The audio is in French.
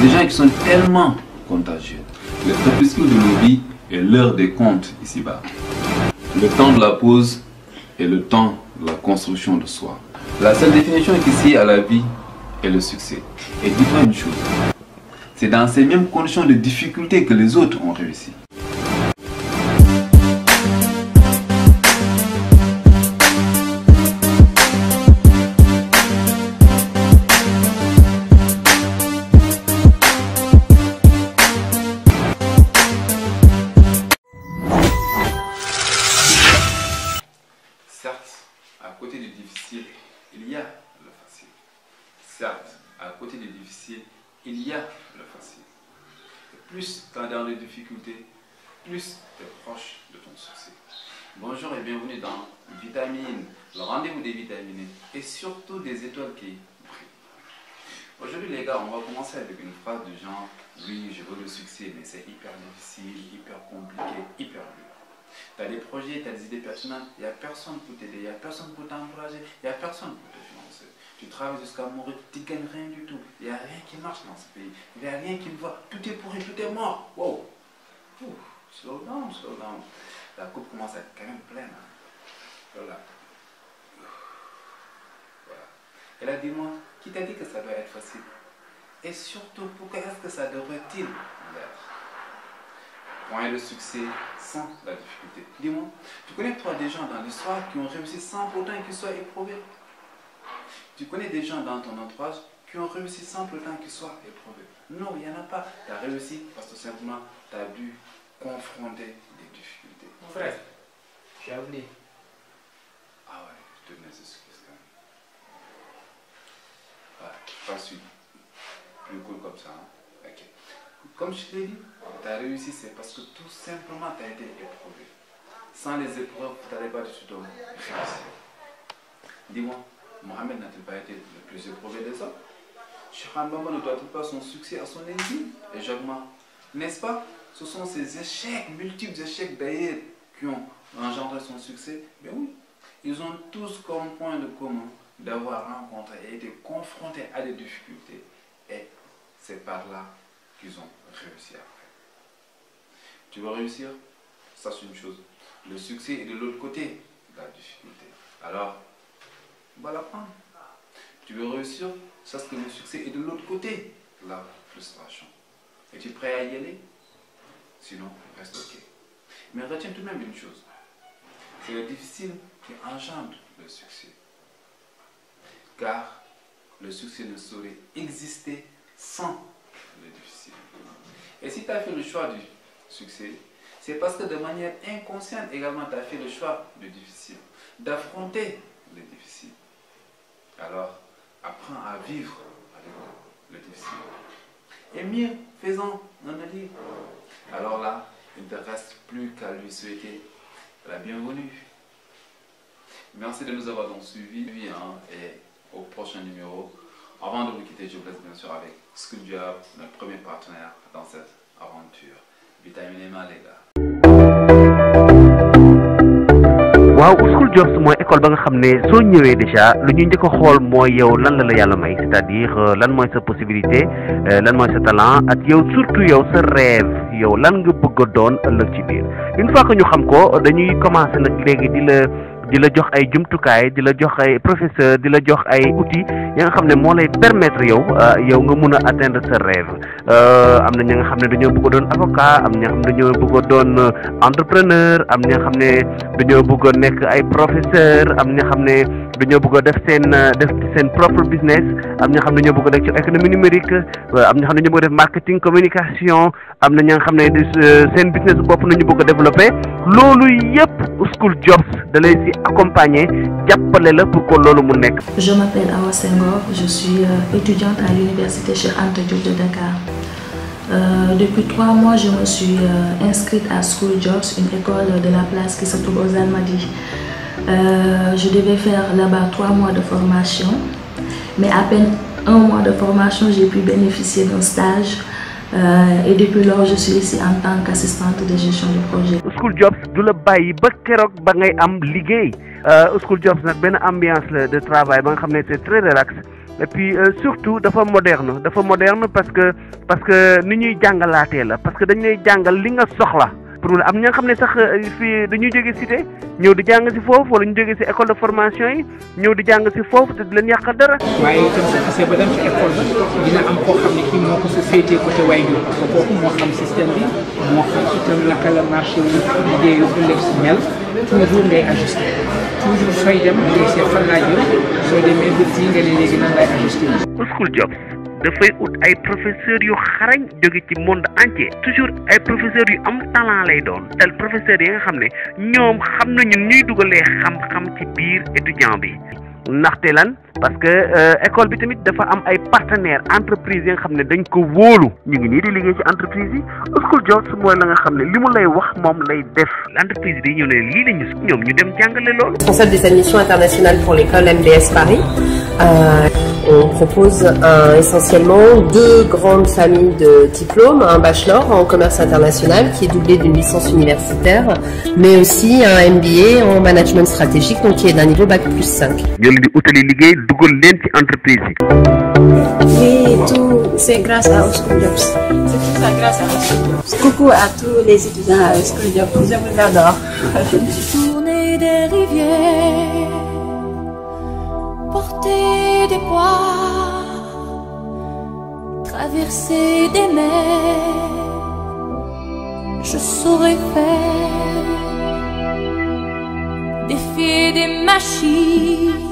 des gens qui sont tellement contagieux. Le crépuscule de nos vies est l'heure des comptes ici-bas. Le temps de la pause est le temps de la construction de soi. La seule définition qui s'y à la vie est le succès. Et dis moi une chose, c'est dans ces mêmes conditions de difficulté que les autres ont réussi. côté du difficile, il y a le facile. Certes, à côté du difficile, il y a le facile. plus tu as dans les difficultés, plus tu es proche de ton succès. Bonjour et bienvenue dans Vitamine, le rendez-vous des vitamines et surtout des étoiles qui brillent. Aujourd'hui les gars, on va commencer avec une phrase du genre « Oui, je veux le succès, mais c'est hyper difficile, hyper compliqué, hyper dur. » Tu as des projets, tu as des idées personnelles, il n'y a personne pour t'aider, il n'y a personne pour t'encourager, il n'y a personne pour te financer. Tu travailles jusqu'à mourir, tu ne gagnes rien du tout. Il n'y a rien qui marche dans ce pays. Il n'y a rien qui me voit, Tout est pourri, tout est mort. Wow. slow down, slow down. La coupe commence à être quand même pleine. Hein. Voilà. voilà. Et là, dis-moi, qui t'a dit que ça doit être facile Et surtout, pourquoi est-ce que ça devrait-il le de succès sans la difficulté. Dis-moi, tu connais toi des gens dans l'histoire qui ont réussi sans pourtant qu'ils soient éprouvés Tu connais des gens dans ton entourage qui ont réussi sans pourtant qu'ils soient éprouvés Non, il n'y en a pas. Tu as réussi parce que simplement tu as dû confronter des difficultés. Mon frère, tu es Ah ouais, je te mets excuses quand même. Ouais, pas Plus cool comme ça. Hein. Comme je l'ai dit, tu as réussi, c'est parce que tout simplement tu as été éprouvé. Sans les épreuves, tu n'allais pas du tout réussir. Dis-moi, Mohamed n'a-t-il pas été le plus éprouvé des hommes Shirhan Baba ne doit-il pas son succès à son ennemi Et Jamal, n'est-ce pas Ce sont ces échecs, multiples échecs d'ailleurs, qui ont engendré son succès. Mais oui, ils ont tous comme point de commun d'avoir rencontré et été confrontés à des difficultés. Et c'est par là qu'ils ont réussi après. Tu veux réussir, ça c'est une chose. Le succès est de l'autre côté la difficulté. Alors, va l'apprendre. Tu veux réussir, ça c'est que le succès est de l'autre côté la frustration. Es-tu prêt à y aller Sinon, reste OK. Mais retiens tout de même une chose. C'est le difficile qui engendre le succès. Car le succès ne saurait exister sans le difficile. Et si tu as fait le choix du succès, c'est parce que de manière inconsciente également, tu as fait le choix du difficile, d'affronter le difficile. Alors, apprends à vivre avec le difficile. Et mieux, faisons a dit Alors là, il ne te reste plus qu'à lui souhaiter la bienvenue. Merci de nous avoir donc suivis hein, et au prochain numéro. Avant de vous quitter, je vous laisse bien sûr avec School Job, notre premier partenaire dans cette aventure. Vitamine moi les gars. waaw school jobs mooy école ba nga xam ne soo ñëwee déjà lu ñu njëkk a xool mooy yow lan la la yàlla may c'est-à-dire euh, lan mooy sa possibilité euh, lan mooy sa talent ak yow surtout yow sa rêve yow lan nga bëgg a doon ëllëg ci biir une fois que ñu xam ko dañuy commencer nag léegi di la. di la jox ay jumtukaay di la jox ay professeur di la jox ay outils ya nga xam ne moo lay permettre yow euh, yow nga mun a atteindre sa rêve euh, am na nga xam ne dañoo doon avocat am na xam dañoo doon entrepreneur am na nga xam ne dañoo bëgg euh, nekk ay professeur am na xam ne dañoo def seen def seen propre business am na xam ne ñoo bëgg def ci économie numérique am na xam def marketing communication am na ñi nga xam ne seen business bopp nañu bëgg développer loolu yépp school jobs da lay si pour je m'appelle Awa je suis euh, étudiante à l'université Cheikh Anta de Dakar euh, depuis trois mois je me suis euh, inscrite à School Jobs une école de la place qui se trouve aux je devais faire là-bas trois mois de formation mais à peine un mois de formation j'ai pu bénéficier d'un stage. Euh, et depuis lors, je suis ici en tant qu'assistante de gestion de projet. School Jobs du le bàyyi ba keroog ba ngay am Au euh, School Jobs c'est une ambiance de travail c'est très relax et puis euh, surtout dafa moderne dafa moderne parce que parce que sommes ñuy jàngalaatee la parce que nous sommes jàngal li nga pour mun am ña nga xam ne sax euh, fii dañuy jóge cité ñëw di jàng si foofu wala ñu jóge si école de formation yi ñëw di jàng si foofu te leen yàqal dara. waaye itam su xasee ba dem ci école bi dina ko moo xam système bi moo xam itam naka la marché wu liggéeyu ëllëg si mel toujours ngay ajusté toujours sooy dem ngay seet fan laa jëm soo demee bët yi nga ne léegi nan laay ajusté. Ouscool Diop. dafay ut ay professeurs yu xarañ jóge ci monde entier toujours ay professeurs yu am talent lay doon tel professeurs yi nga xam ne ñoom xam nañu ñuy dugalee xam-xam ci biir étudiant bi ndaxte lan parce que euh, école bi tamit dafa am ay partenaires entreprise yi nga xam ne dañ ko wóolu ñu ngi nii di liggéey ci entreprise yi school jobs mooy la nga xam ne li mu lay wax moom lay def l'entreprise bi ñëw ne lii la ñu ñoom ñu dem jàngale loolu responsable des admissions internationales pour on propose essentiellement deux grandes familles de diplômes, un bachelor en commerce international qui est doublé d'une licence universitaire, mais aussi un MBA en management stratégique, donc qui est d'un niveau bac plus 5. Oui, tout, c'est grâce à Oscar C'est tout ça grâce à Oscar Coucou à tous les étudiants à Oscar Jobs, je vous adore. Tournée des rivières, des poids, traverser des mers, je saurais faire défier des machines